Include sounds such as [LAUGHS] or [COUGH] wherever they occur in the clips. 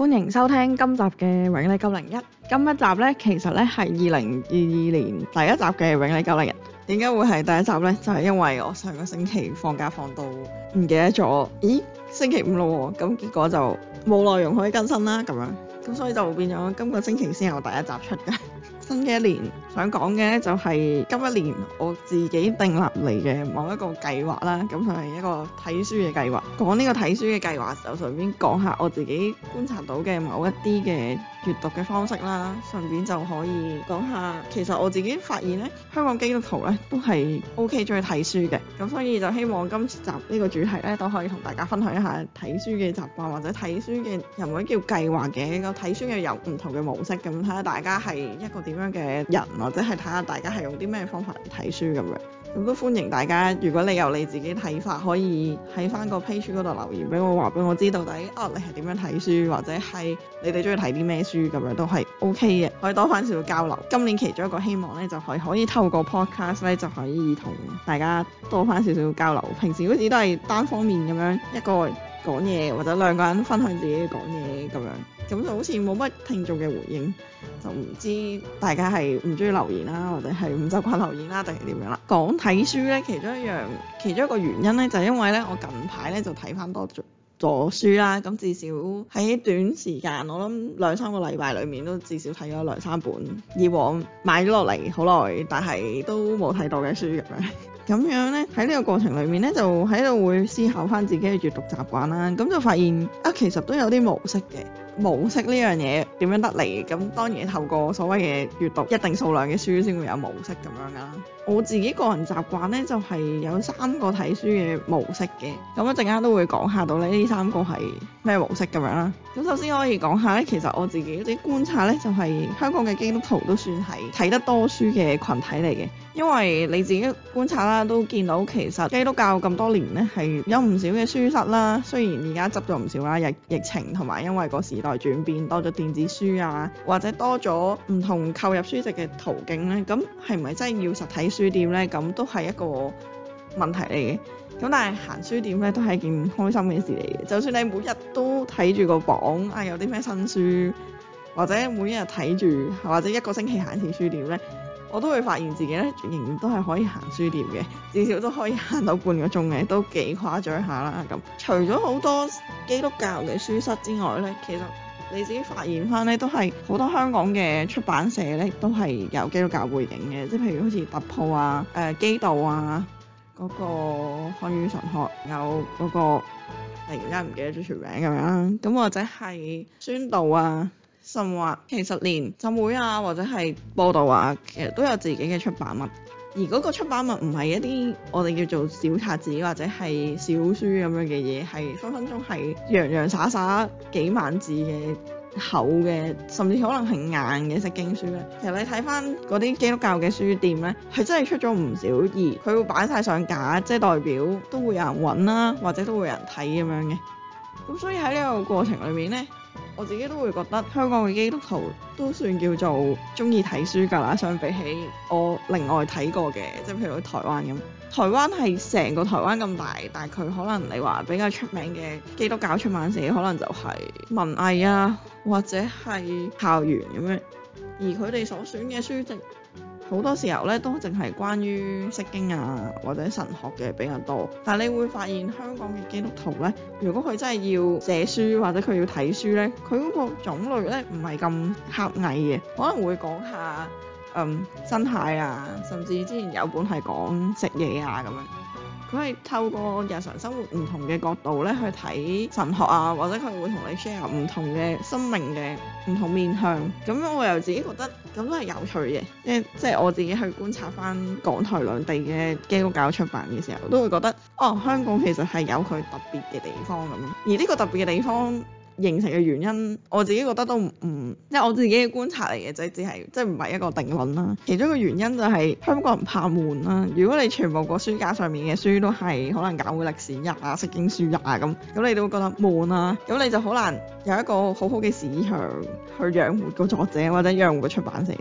歡迎收聽今集嘅永利九零一。今一集呢，其實呢係二零二二年第一集嘅永利九零一。點解會係第一集呢？就係、是、因為我上個星期放假放到唔記得咗，咦，星期五咯，咁結果就冇內容可以更新啦，咁樣，咁所以就變咗今個星期先係我第一集出嘅新嘅一年。想講嘅就係今一年我自己訂立嚟嘅某一個計劃啦，咁係一個睇書嘅計劃。講呢個睇書嘅計劃就順便講下我自己觀察到嘅某一啲嘅閱讀嘅方式啦，順便就可以講下其實我自己發現呢，香港基督徒呢都係 O K 中意睇書嘅，咁所以就希望今集呢個主題呢，都可以同大家分享一下睇書嘅習慣或者睇書嘅，人唔可以叫計劃嘅，個睇書嘅有唔同嘅模式，咁睇下大家係一個點樣嘅人。或者係睇下大家係用啲咩方法嚟睇書咁樣，咁都歡迎大家。如果你有你自己睇法，可以喺返個批書嗰度留言俾我，話俾我知到底啊，你係點樣睇書，或者係你哋鍾意睇啲咩書咁樣都係 OK 嘅，可以多返少少交流。今年其中一個希望呢，就係可以透過 podcast 呢就可以同大家多返少少交流。平時好似都係單方面咁樣，一個講嘢或者兩個人分享自己講嘢咁樣。咁就好似冇乜聽眾嘅回應，就唔知大家係唔中意留言啦，或者係唔習慣留言啦，定係點樣啦？講睇書咧，其中一樣，其中一個原因咧，就係因為咧，我近排咧就睇翻多咗書啦。咁至少喺短時間，我諗兩三個禮拜裡面都至少睇咗兩三本以往買咗落嚟好耐，但係都冇睇到嘅書咁樣呢。咁樣咧喺呢個過程裡面咧，就喺度會思考翻自己嘅閱讀習慣啦。咁就發現啊，其實都有啲模式嘅。模式呢樣嘢點樣得嚟？咁當然透過所謂嘅閱讀一定數量嘅書先會有模式咁樣㗎。我自己個人習慣呢，就係、是、有三個睇書嘅模式嘅，咁一陣間都會講下到咧呢三個係咩模式咁樣啦。咁首先可以講下呢，其實我自己啲觀察呢，就係、是、香港嘅基督徒都算係睇得多書嘅群體嚟嘅，因為你自己觀察啦，都見到其實基督教咁多年呢，係有唔少嘅書室啦，雖然而家執咗唔少啦，疫情同埋因為個時代轉變多咗電子書啊，或者多咗唔同購入書籍嘅途徑咧，咁係咪真係要實體書？書店咧，咁都係一個問題嚟嘅，咁但係行書店咧，都係件開心嘅事嚟嘅。就算你每日都睇住個榜啊，有啲咩新書，或者每日睇住，或者一個星期行一次書店咧，我都會發現自己咧仍然都係可以行書店嘅，至少都可以行到半個鐘嘅，都幾誇張下啦咁。除咗好多基督教嘅書室之外咧，其實你自己發現翻咧，都係好多香港嘅出版社咧，都係有基督教背景嘅，即係譬如好似突破啊、誒、呃、基道啊、嗰、那個漢語神學，有嗰、那個突然間唔記得咗全名咁樣啦，咁或者係宣道啊、甚或其實連浸會啊或者係播道啊，其實都有自己嘅出版物。而嗰個出版物唔係一啲我哋叫做小冊子或者係小書咁樣嘅嘢，係分分鐘係洋洋灑灑幾萬字嘅厚嘅，甚至可能係硬嘅石經書咧。其實你睇翻嗰啲基督教嘅書店咧，係真係出咗唔少，而佢會擺晒上架，即係代表都會有人揾啦，或者都會有人睇咁樣嘅。咁所以喺呢個過程裡面咧。我自己都會覺得香港嘅基督徒都算叫做中意睇書㗎啦，相比起我另外睇過嘅，即係譬如喺台灣咁，台灣係成個台灣咁大，但係佢可能你話比較出名嘅基督教出版社，可能就係文藝啊，或者係校園咁樣，而佢哋所選嘅書籍。好多時候咧都淨係關於《釋經》啊或者神學嘅比較多，但係你會發現香港嘅基督徒咧，如果佢真係要寫書或者佢要睇書咧，佢嗰個種類咧唔係咁狹隘嘅，可能會講下嗯，生態啊，甚至之前有本係講食嘢啊咁樣。佢係透過日常生活唔同嘅角度去睇神學啊，或者佢會同你 share 唔同嘅生命嘅唔同面向。咁我又自己覺得咁都係有趣嘅，即係、就是、我自己去觀察返港台兩地嘅基督教出版嘅時候，都會覺得哦，香港其實係有佢特別嘅地方咁。而呢個特別嘅地方，形成嘅原因，我自己覺得都唔，即係我自己嘅觀察嚟嘅，就只係即係唔係一個定論啦。其中一個原因就係、是、香港人怕悶啦。如果你全部個書架上面嘅書都係可能講嘅歷史啊、食經書啊咁，咁你都會覺得悶啦。咁你就好難有一個好好嘅市場去養活個作者或者養活個出版社。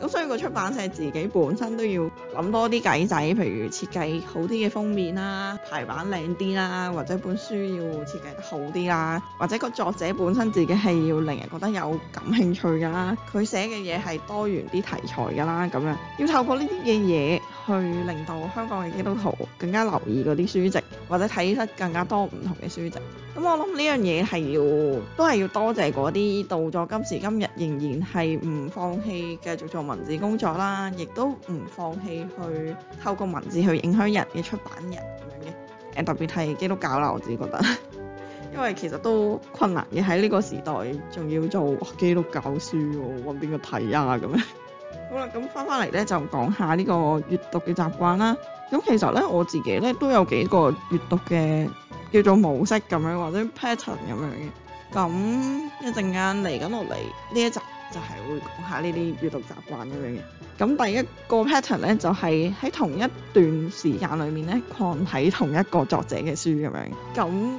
咁所以個出版社自己本身都要諗多啲計仔，譬如設計好啲嘅封面啦，排版靚啲啦，或者本書要設計得好啲啦，或者個作者本身自己係要令人覺得有感興趣㗎啦，佢寫嘅嘢係多元啲題材㗎啦，咁樣要透過呢啲嘅嘢去令到香港嘅基督徒更加留意嗰啲書籍，或者睇得更加多唔同嘅書籍。咁我諗呢樣嘢係要都係要多謝嗰啲到咗今時今日仍然係唔放棄繼續做文字工作啦，亦都唔放棄去透過文字去影響人嘅出版人咁樣嘅，誒特別係基督教啦，我自己覺得， [LAUGHS] 因為其實都困難嘅喺呢個時代，仲要做基督教書，啊，揾邊個睇啊咁樣 [LAUGHS] 好啦，咁翻返嚟咧就講下呢個閱讀嘅習慣啦。咁其實咧我自己咧都有幾個閱讀嘅叫做模式咁樣或者 pattern 咁樣嘅。咁一陣間嚟緊，落嚟呢一集。就係會講下呢啲閱讀習慣咁樣嘅。咁第一個 pattern 咧就係、是、喺同一段時間裏面咧，看睇同一個作者嘅書咁樣。咁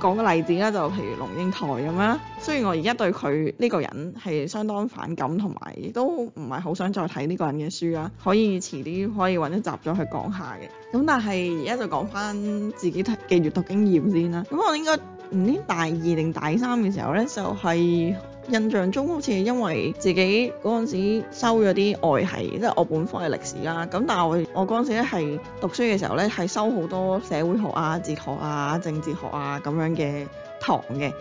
講個例子啦，就譬如龍應台咁樣啦。雖然我而家對佢呢、這個人係相當反感同埋亦都唔係好想再睇呢個人嘅書啦，可以遲啲可以揾一集咗去講下嘅。咁但係而家就講返自己嘅閱讀經驗先啦。咁我應該唔知大二定大三嘅時候咧，就係、是。印象中好似因為自己嗰陣時收咗啲外系，即係我本科係歷史啦。咁但係我我嗰陣時咧係讀書嘅時候咧係收好多社會學啊、哲學啊、政治學啊咁樣嘅堂嘅。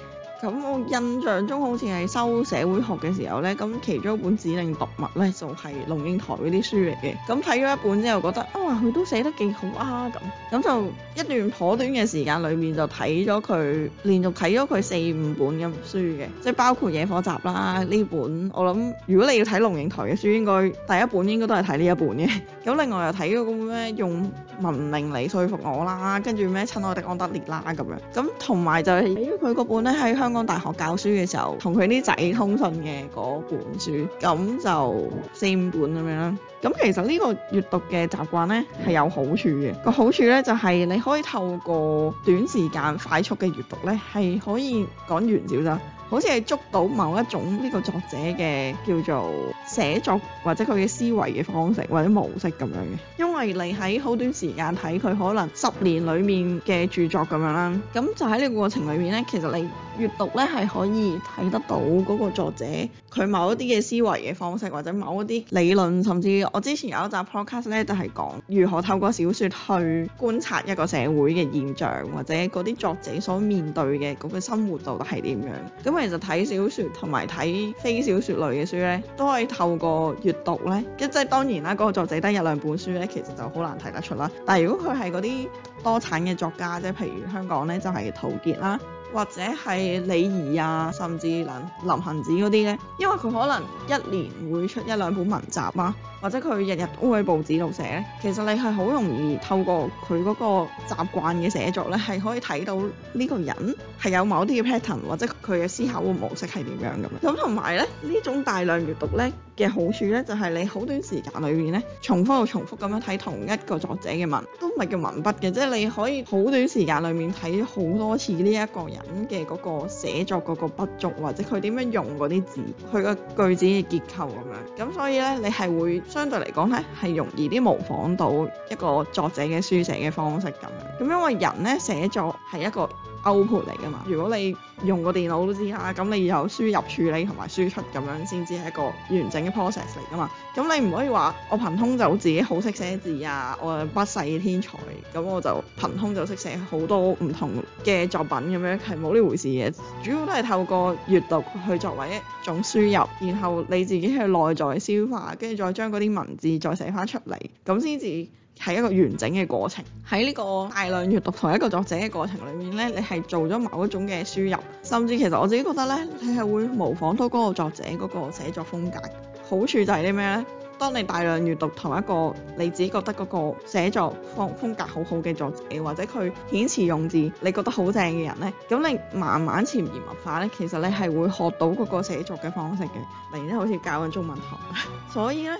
咁我印象中好似係修社會學嘅時候呢，咁其中一本指定讀物呢，就係龍應台嗰啲書嚟嘅。咁睇咗一本之後覺得啊，佢都寫得幾好啊咁。咁就一段頗短嘅時間裏面就睇咗佢，連續睇咗佢四五本咁書嘅，即係包括《野火集》啦呢本。我諗如果你要睇龍應台嘅書，應該第一本應該都係睇呢一本嘅。咁 [LAUGHS] 另外又睇咗個咩用文明嚟說服我啦，跟住咩親愛的安德烈啦咁樣。咁同埋就係睇咗佢嗰本咧喺香當大學教書嘅時候，同佢啲仔通訊嘅嗰本書，咁就四五本咁樣啦。咁其實呢個閱讀嘅習慣呢係有好處嘅，個好處呢，就係、是、你可以透過短時間快速嘅閱讀呢，係可以講完少少，好似係捉到某一種呢個作者嘅叫做寫作或者佢嘅思維嘅方式或者模式咁樣嘅。因為你喺好短時間睇佢可能十年裏面嘅著作咁樣啦，咁就喺呢個過程裏面呢，其實你。閱讀咧係可以睇得到嗰個作者佢某一啲嘅思維嘅方式，或者某一啲理論，甚至我之前有一集 podcast 咧就係、是、講如何透過小說去觀察一個社會嘅現象，或者嗰啲作者所面對嘅嗰個生活到底係點樣。咁其實睇小說同埋睇非小說類嘅書咧，都可以透過閱讀咧，即係當然啦，嗰、那個作者得一兩本書咧，其實就好難睇得出啦。但係如果佢係嗰啲多產嘅作家即係，譬如香港咧就係陶傑啦。或者係李怡啊，甚至林林行止嗰啲咧，因為佢可能一年會出一兩本文集啊，或者佢日日都會喺報紙度寫咧。其實你係好容易透過佢嗰個習慣嘅寫作呢，係可以睇到呢個人係有某啲嘅 pattern 或者佢嘅思考嘅模式係點樣咁樣。咁同埋呢種大量閱讀呢。嘅好處咧，就係你好短時間裏面咧，重複又重複咁樣睇同一個作者嘅文，都唔係叫文筆嘅，即係你可以好短時間裏面睇好多次呢一個人嘅嗰個寫作嗰個筆觸，或者佢點樣用嗰啲字，佢個句子嘅結構咁樣。咁所以咧，你係會相對嚟講咧，係容易啲模仿到一個作者嘅書寫嘅方式咁樣。咁因為人咧寫作係一個 output 嚟㗎嘛。如果你用個電腦都知啦，咁你有輸入處理同埋輸出咁樣先至係一個完整嘅 process 嚟㗎嘛。咁你唔可以話我憑空就自己好識寫字啊，我係不世天才，咁我就憑空就識寫好多唔同嘅作品咁樣，係冇呢回事嘅。主要都係透過閱讀去作為一種輸入，然後你自己去內在消化，跟住再將嗰啲文字再寫翻出嚟，咁先至。係一個完整嘅過程。喺呢個大量閱讀同一個作者嘅過程裏面呢，你係做咗某一種嘅輸入，甚至其實我自己覺得呢，你係會模仿到嗰個作者嗰個寫作風格。好處就係啲咩呢？當你大量閱讀同一個你自己覺得嗰個寫作風風格好好嘅作者，或者佢遣詞用字你覺得好正嘅人呢，咁你慢慢潛移默化呢，其實你係會學到嗰個寫作嘅方式嘅。突然之間好似教緊中文堂， [LAUGHS] 所以呢。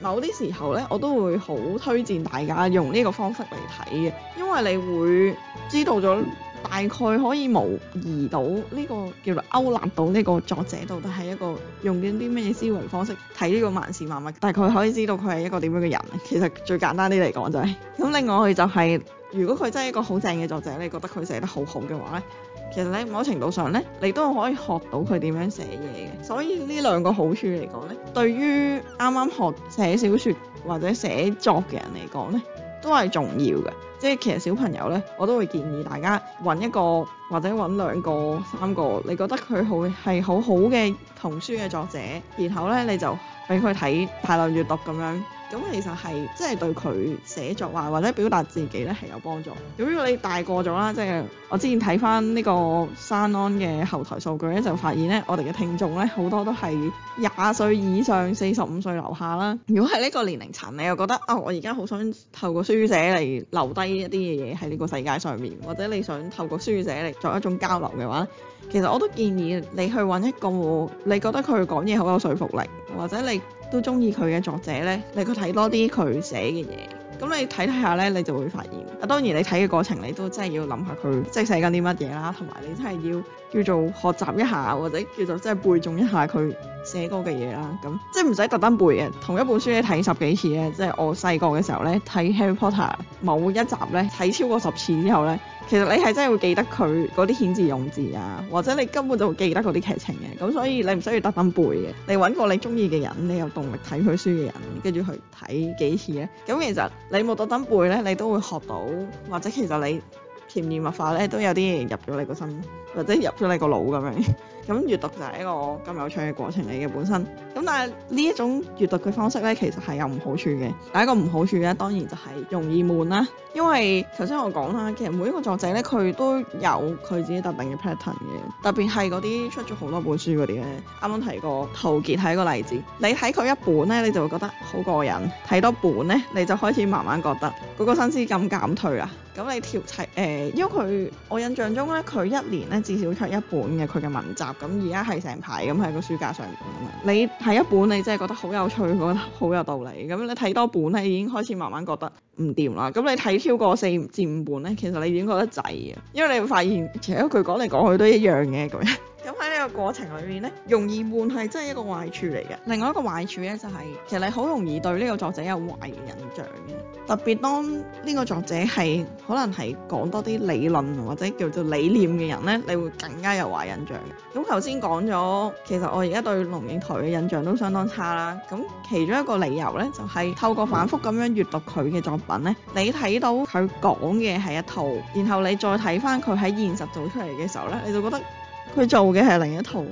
某啲時候咧，我都會好推薦大家用呢個方式嚟睇嘅，因為你會知道咗大概可以模擬到呢、這個叫做勾勒到呢個作者到底係一個用緊啲咩思維方式睇呢個萬事萬物，大概可以知道佢係一個點樣嘅人。其實最簡單啲嚟講就係、是、咁。另外佢就係、是、如果佢真係一個好正嘅作者，你覺得佢寫得好好嘅話咧。其實咧，某程度上呢，你都可以學到佢點樣寫嘢嘅。所以呢兩個好處嚟講呢，對於啱啱學寫小説或者寫作嘅人嚟講呢，都係重要嘅。即係其實小朋友呢，我都會建議大家揾一個或者揾兩個三個，你覺得佢好係好好嘅童書嘅作者，然後呢，你就俾佢睇大量閱讀咁樣。咁其實係即係對佢寫作呀，或者表達自己咧，係有幫助。如果你大個咗啦，即係我之前睇翻呢個《山安》嘅後台數據咧，就發現咧，我哋嘅聽眾咧好多都係廿歲以上、四十五歲樓下啦。如果係呢個年齡層，你又覺得啊，我而家好想透過書寫嚟留低一啲嘅嘢喺呢個世界上面，或者你想透過書寫嚟作一種交流嘅話，其實我都建議你去揾一個你覺得佢講嘢好有說服力，或者你，都中意佢嘅作者呢，看你去睇多啲佢寫嘅嘢，咁你睇睇下咧，你就會發現。啊，當然你睇嘅過程，你都真係要諗下佢即係寫緊啲乜嘢啦，同埋你真係要叫做學習一下，或者叫做真係背誦一下佢寫過嘅嘢啦。咁即係唔使特登背嘅，同一本書你睇十幾次咧，即係我細個嘅時候咧，睇 Harry Potter 某一集咧，睇超過十次之後咧。其實你係真係會記得佢嗰啲遣字用字啊，或者你根本就會記得嗰啲劇情嘅，咁所以你唔需要特登背嘅。你揾個你中意嘅人，你有動力睇佢書嘅人，跟住去睇幾次咧，啊，咁其實你冇特登背咧，你都會學到，或者其實你潛移默化咧都有啲嘢入咗你個心，或者入咗你個腦咁樣。咁閱讀就係一個咁有趣嘅過程嚟嘅本身。咁但係呢一種閱讀嘅方式咧，其實係有唔好處嘅。第一個唔好處咧，當然就係容易悶啦。因為頭先我講啦，其實每一個作者咧，佢都有佢自己特定嘅 pattern 嘅。特別係嗰啲出咗好多本書嗰啲咧，啱啱提過陶傑係一個例子。你睇佢一本咧，你就會覺得好過癮；睇多本咧，你就開始慢慢覺得嗰個新鮮感減退啊。咁你調齊誒，因為佢我印象中咧，佢一年咧至少出一本嘅佢嘅文集。咁而家係成排咁喺個書架上面啊嘛，你睇一本你真係覺得好有趣，覺得好有道理。咁你睇多本咧，你已經開始慢慢覺得唔掂啦。咁你睇超過四至五本咧，其實你已經覺得滯啊，因為你會發現其實一句講嚟講去都一樣嘅咁樣。 [LAUGHS] 咁喺呢個過程裏面咧，容易換係真係一個壞處嚟嘅。另外一個壞處咧就係、是，其實你好容易對呢個作者有壞的印象嘅。特別當呢個作者係可能係講多啲理論或者叫做理念嘅人咧，你會更加有壞印象。咁頭先講咗，其實我而家對龍應台嘅印象都相當差啦。咁其中一個理由咧就係、是、透過反覆咁樣閱讀佢嘅作品咧，你睇到佢講嘅係一套，然後你再睇返佢喺現實做出嚟嘅時候咧，你就覺得，佢做嘅係另一套，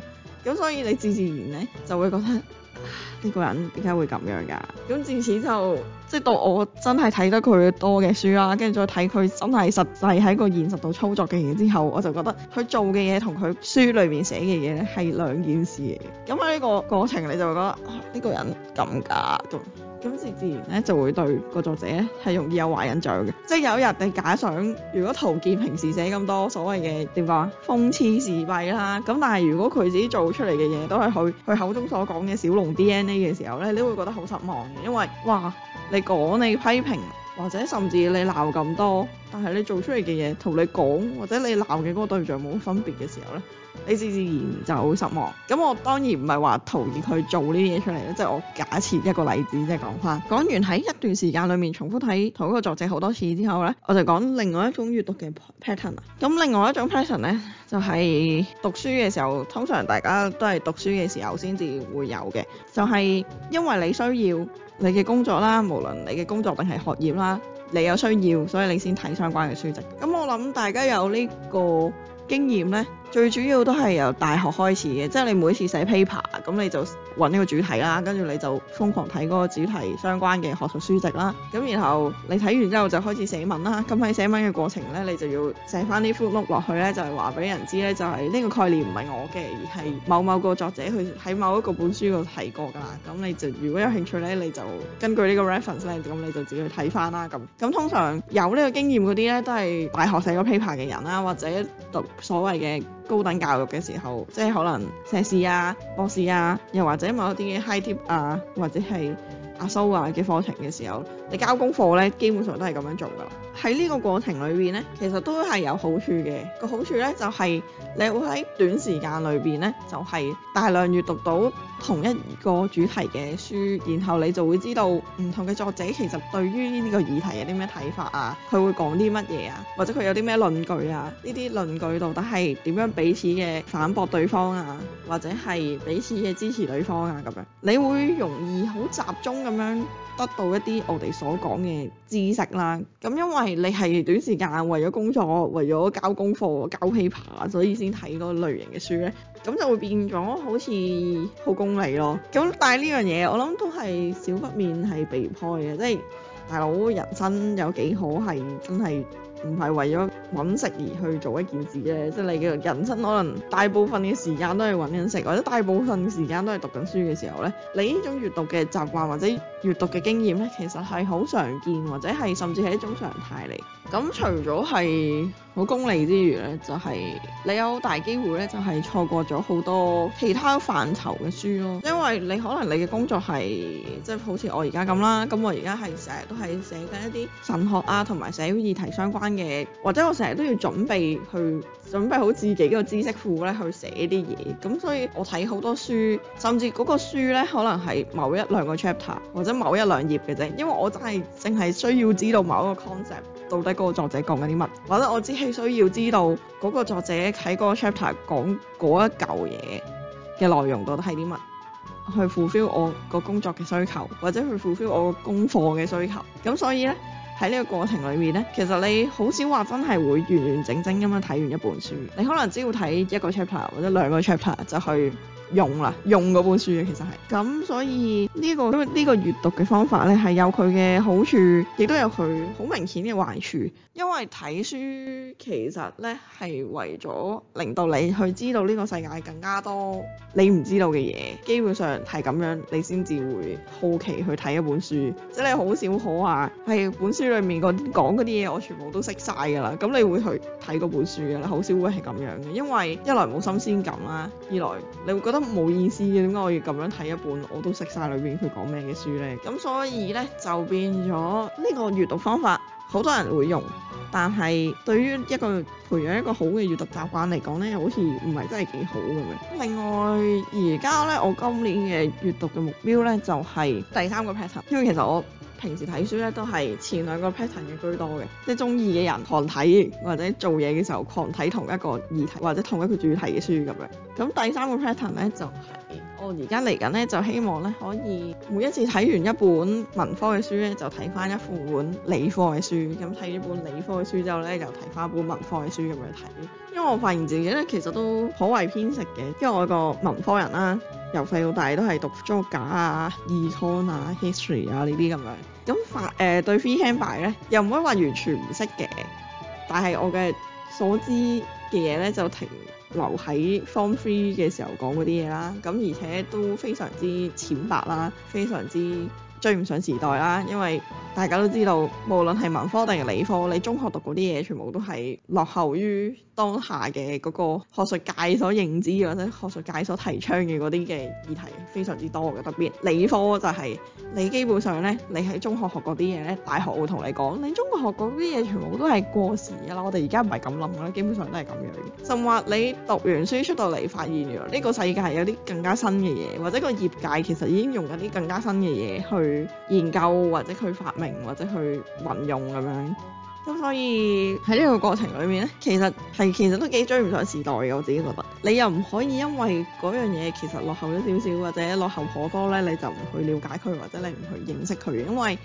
咁所以你自自然呢就會覺得呢個人點解會咁樣㗎？咁自此就即係到我真係睇得佢多嘅書啦，跟住再睇佢真係實際喺個現實度操作嘅嘢之後，我就覺得佢做嘅嘢同佢書裏面寫嘅嘢咧係兩件事嚟嘅。咁喺呢個過程你就會覺得呢個人咁假咁。咁自然就會對個作者咧係容易有壞印象嘅，即有一日你假想，如果陶傑平時寫咁多所謂嘅點講諷刺時弊啦，咁但係如果佢自己做出嚟嘅嘢都係佢口中所講嘅小農 DNA 嘅時候咧，你都會覺得好失望，因為哇你講你批評。或者甚至你鬧咁多，但係你做出嚟嘅嘢同你講或者你鬧嘅嗰個對象冇分別嘅時候呢，你自自然就會失望。咁我當然唔係話討厭佢做呢啲嘢出嚟即、就是、我假設一個例子即係講返。講完喺一段時間裡面重複睇同一個作者好多次之後呢，我就講另外一種閱讀嘅 pattern 啊。咁另外一種 pattern 呢，就係、是、讀書嘅時候，通常大家都係讀書嘅時候先至會有嘅，就係、是、因為你需要。你嘅工作啦，無論你嘅工作定係學業啦，你有需要，所以你先睇相關嘅書籍。咁我諗大家有呢個經驗咧。最主要都係由大學開始嘅，即係你每次寫 paper 咁你就揾一個主題啦，跟住你就瘋狂睇嗰個主題相關嘅學術書籍啦。咁然後你睇完之後就開始寫文啦。咁喺寫文嘅過程咧，你就要寫返啲 footnote 落去咧，就係話俾人知咧，就係、是、呢個概念唔係我嘅，而係某某個作者佢喺某一個本書度提過㗎啦。咁你就如果有興趣咧，你就根據呢個 reference 咧，咁你就自己去睇返啦。咁通常有呢個經驗嗰啲咧，都係大學寫過 paper 嘅人啦，或者讀所謂嘅。高等教育嘅時候，即係可能碩士啊、博士啊，又或者某一啲嘅 high tip 啊，或者係 asso 啊嘅課程嘅時候。你交功課咧，基本上都係咁樣做㗎。喺呢個過程裏邊咧，其實都係有好處嘅。個好處咧就係、是、你會喺短時間裏邊咧，就係大量閱讀到同一個主題嘅書，然後你就會知道唔同嘅作者其實對於呢個議題有啲咩睇法啊，佢會講啲乜嘢啊，或者佢有啲咩論據啊？呢啲論據到底係點樣彼此嘅反駁對方啊，或者係彼此嘅支持對方啊？咁樣你會容易好集中咁樣得到一啲我哋。我講嘅知識啦，咁因為你係短時間為咗工作，為咗交功課、交 paper，所以先睇嗰類型嘅書咧，咁就會變咗好似好功利咯。咁但係呢樣嘢，我諗都係少不免係避唔開嘅，即係大佬人生有幾好係真係。唔係為咗揾食而去做一件事嘅，即係、就是、你嘅人生可能大部分嘅時間都係揾緊食，或者大部分嘅時間都係讀緊書嘅時候咧，你呢種閱讀嘅習慣或者閱讀嘅經驗咧，其實係好常見，或者係甚至係一種常態嚟。咁除咗係好功利之餘呢，就係、是、你有大機會呢，就係錯過咗好多其他範疇嘅書咯。因為你可能你嘅工作係即係好似我而家咁啦，咁我而家係成日都係寫緊一啲神學啊同埋社會議題相關嘅，或者我成日都要準備去準備好自己個知識庫呢去寫啲嘢。咁所以我睇好多書，甚至嗰個書呢，可能係某一兩個 chapter 或者某一兩頁嘅啫，因為我真係淨係需要知道某一個 concept。到底嗰個作者講緊啲乜？或者我只係需要知道嗰個作者喺嗰 chapter 講嗰一嚿嘢嘅內容到底係啲乜，去 fulfill 我個工作嘅需求，或者去 fulfill 我個功課嘅需求。咁所以呢，喺呢個過程裏面呢，其實你好少話真係會完完整整咁樣睇完一本書，你可能只要睇一個 chapter 或者兩個 chapter 就去。用啦，用嗰本書嘅。其實係咁，所以呢、呢個呢個閱讀嘅方法咧係有佢嘅好處，亦都有佢好明顯嘅壞處，因為睇書其實咧係為咗令到你去知道呢個世界更加多你唔知道嘅嘢，基本上係咁樣，你先至會好奇去睇一本書，即係你好少好話係本書裏面嗰講嗰啲嘢我全部都識晒噶啦，咁你會去睇嗰本書嘅，好少會係咁樣嘅，因為一來冇新鮮感啦，二來你會覺得。冇意思嘅，點解我要咁樣睇一本我都識晒裏邊佢講咩嘅書咧？咁所以咧就變咗呢個閱讀方法，好多人會用，但係對於一個培養一個好嘅閱讀習慣嚟講咧，又好似唔係真係幾好咁樣。另外而家咧，我今年嘅閱讀嘅目標咧就係第三個 pattern。因為其實我平時睇書咧都係前兩個 pattern 嘅居多嘅，即係鍾意嘅人狂睇，或者做嘢嘅時候狂睇同，同一個議題或者同一個主題嘅書咁樣。咁第三個 pattern 咧就係、是、我而家嚟緊咧就希望咧可以每一次睇完一本文科嘅書咧就睇翻一本理科嘅書，咁睇完一本理科嘅書之後咧就睇翻一本文科嘅書咁樣睇。因為我發現自己咧其實都頗為偏食嘅，因為我個文科人啦，由細到大都係讀莊稼啊、Econ 啊、History 啊呢啲咁樣。咁、呃、對 freehand b 拜咧又唔可以話完全唔識嘅，但係我嘅所知嘅嘢咧就停留喺 form three 嘅時候講嗰啲嘢啦，咁而且都非常之淺白啦，非常之追唔上時代啦，因為大家都知道無論係文科定係理科，你中學讀嗰啲嘢全部都係落後於當下嘅嗰個學術界所認知或者學術界所提倡嘅嗰啲嘅議題非常之多嘅，特別理科就係你基本上咧，你喺中學學嗰啲嘢咧，大學會同你講，你中學學嗰啲嘢全部都係過時嘅啦。我哋而家唔係咁諗啦，基本上都係咁樣嘅。甚至話你讀完書出到嚟，發現呢個世界有啲更加新嘅嘢，或者個業界其實已經用緊啲更加新嘅嘢去研究或者去發明或者去運用咁樣。咁所以喺呢個過程裏面咧，其實係其實都幾追唔上時代嘅，我自己覺得。你又唔可以因為嗰樣嘢其實落後咗少少或者落後可歌咧，你就唔去了解佢或者你唔去認識佢，因為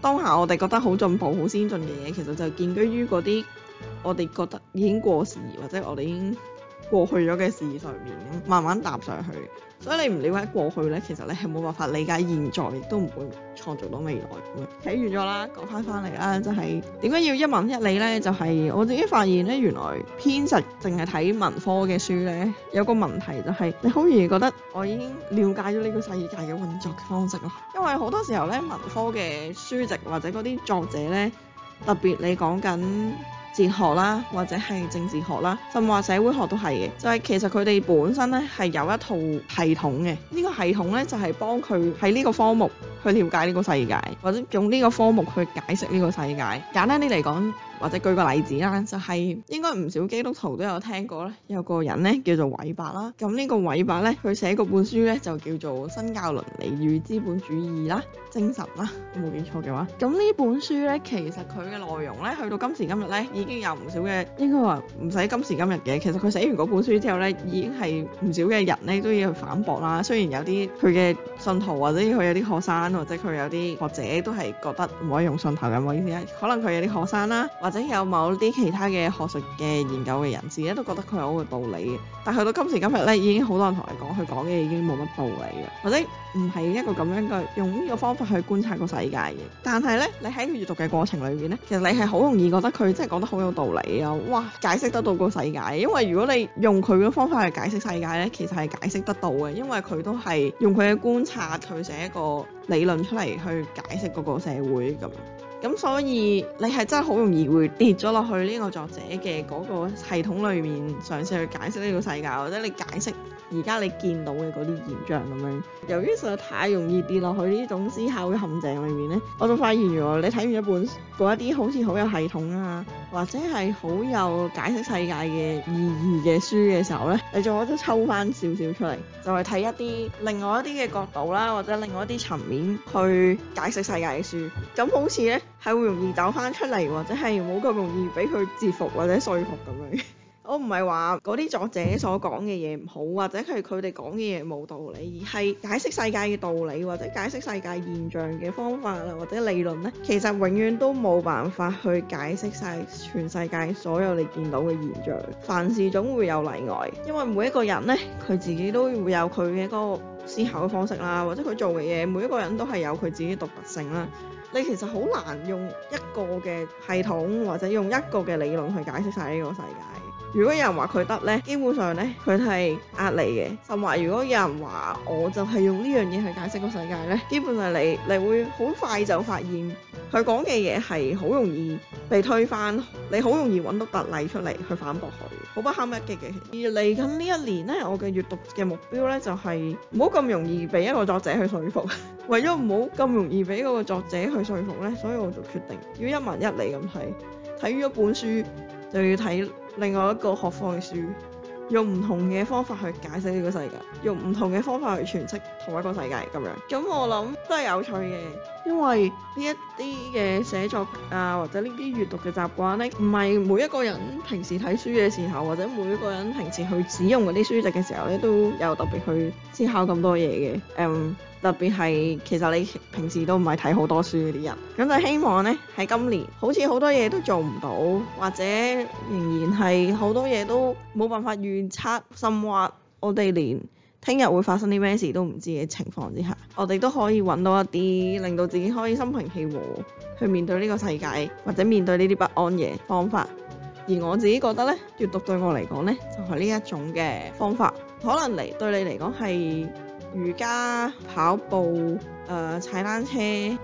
當下我哋覺得好進步好先進嘅嘢，其實就建基於嗰啲我哋覺得已經過時或者我哋已經。過去咗嘅事上面慢慢搭上去。所以你唔瞭解過去呢，其實你係冇辦法理解現在，亦都唔會創造到未來咁樣。睇完咗啦，講翻返嚟啦，就係點解要一文一理呢？就係我自己發現呢，原來偏食淨係睇文科嘅書呢，有個問題就係你好容易覺得我已經了解咗呢個世界嘅運作方式咯。因為好多時候呢，文科嘅書籍或者嗰啲作者呢，特別你講緊。哲學啦，或者係政治學啦，甚至社會學都係嘅。就係、是、其實佢哋本身咧係有一套系統嘅，呢、呢個系統咧就係幫佢喺呢個科目，去了解呢個世界，或者用呢個科目去解釋呢個世界。簡單啲嚟講，或者舉個例子啦，就係、是、應該唔少基督徒都有聽過咧，有個人呢叫做韋伯啦。咁呢個韋伯呢，佢寫嗰本書呢，就叫做《新教倫理與資本主義》啦，精神啦，我冇記錯嘅話。咁呢本書呢，其實佢嘅內容呢，去到今時今日呢，已經有唔少嘅應該話唔使今時今日嘅。其實佢寫完嗰本書之後呢，已經係唔少嘅人呢都要去反駁啦。雖然有啲佢嘅信徒或者佢有啲學生。或者佢有啲學者都係覺得唔可以用信頭嘅，意思可能佢有啲學生啦，或者有某啲其他嘅學術嘅研究嘅人士咧，都覺得佢有個道理嘅。但去到今時今日咧，已經好多人同你講，佢講嘅已經冇乜道理嘅，或者唔係一個咁樣嘅用呢個方法去觀察個世界嘅。但係咧，你喺佢閲讀嘅過程裏面咧，其實你係好容易覺得佢真係講得好有道理啊！哇，解釋得到個世界，因為如果你用佢嘅方法去解釋世界咧，其實係解釋得到嘅，因為佢都係用佢嘅觀察去寫一個。理論出嚟去解釋嗰個社會咁。咁所以你係真係好容易會跌咗落去呢個作者嘅嗰個系統裏面，嘗試去解釋呢個世界，或者你解釋而家你見到嘅嗰啲現象咁樣。由於實在太容易跌落去呢種思考嘅陷阱裏面咧，我就發現喎，你睇完一本嗰一啲好似好有系統啊，或者係好有解釋世界嘅意義嘅書嘅時候，呢你仲可以抽返少少出嚟，就係、是、睇一啲另外一啲嘅角度啦、啊，或者另外一啲層面去解釋世界嘅書。咁好似咧～係會容易走翻出嚟，或者係冇咁容易俾佢折服或者説服咁樣。 [LAUGHS] 我唔係話嗰啲作者所講嘅嘢唔好，或者係佢哋講嘅嘢冇道理，而係解釋世界嘅道理或者解釋世界現象嘅方法啦，或者理論咧，其實永遠都冇辦法去解釋晒全世界所有你見到嘅現象。凡事總會有例外，因為每一個人咧，佢自己都會有佢嘅一個思考嘅方式啦，或者佢做嘅嘢，每一個人都係有佢自己獨特性啦。你其實好難用一個嘅系統或者用一個嘅理論去解釋曬呢個世界。如果有人話佢得呢，基本上呢，佢係呃你嘅。甚至如果有人話我就係用呢樣嘢去解釋個世界呢，基本上你你會好快就發現佢講嘅嘢係好容易被推翻，你好容易揾到特例出嚟去反駁佢，好不堪一擊嘅。而嚟緊呢一年呢，我嘅閱讀嘅目標呢，就係唔好咁容易俾一個作者去説服。 [LAUGHS] 為咗唔好咁容易俾嗰個作者去説服呢，所以我就決定要一文一理咁睇，睇完一本書就要睇另外一個學科嘅書，用唔同嘅方法去解釋呢個世界，用唔同嘅方法去詮釋同一個世界咁樣。咁我諗都係有趣嘅，因為呢一啲嘅寫作啊，或者閱呢啲閲讀嘅習慣咧，唔係每一個人平時睇書嘅時候，或者每一個人平時去使用嗰啲書籍嘅時候咧，都有特別去思考咁多嘢嘅。嗯、um。特別係其實你平時都唔係睇好多書嗰啲人，咁就希望咧喺今年，好似好多嘢都做唔到，或者仍然係好多嘢都冇辦法預測，甚至，我哋連聽日會發生啲咩事都唔知嘅情況之下，我哋都可以揾到一啲令到自己可以心平氣和去面對呢個世界，或者面對呢啲不安嘅方法。而我自己覺得咧，閱讀對我嚟講咧就係、是、呢一種嘅方法，可能嚟對你嚟講係。瑜伽、跑步、呃、踩單車，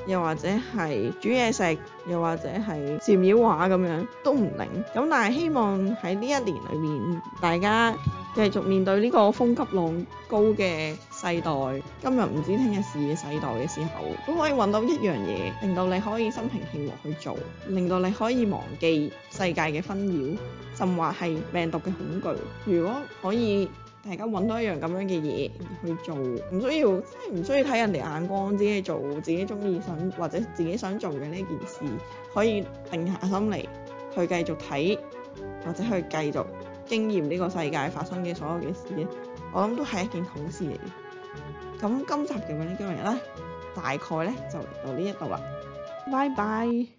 又或者係煮嘢食，又或者係畫畫咁樣都唔靈。咁但係希望喺呢一年裏面，大家繼續面對呢個風急浪高嘅世代，今日唔知聽日事嘅世代嘅時候，都可以揾到一樣嘢，令到你可以心平氣和去做，令到你可以忘記世界嘅紛擾，甚至話係病毒嘅恐懼。如果可以。大家揾到一樣咁樣嘅嘢去做，唔需要即係，唔需要睇人哋眼光，自己做自己鍾意想或者自己想做嘅呢件事，可以定下心嚟去繼續睇或者去繼續經驗呢個世界發生嘅所有嘅事咧，我諗都係一件好事嚟嘅。咁今集嘅 Running Gem 咧，大概咧就到呢一度啦。Bye bye。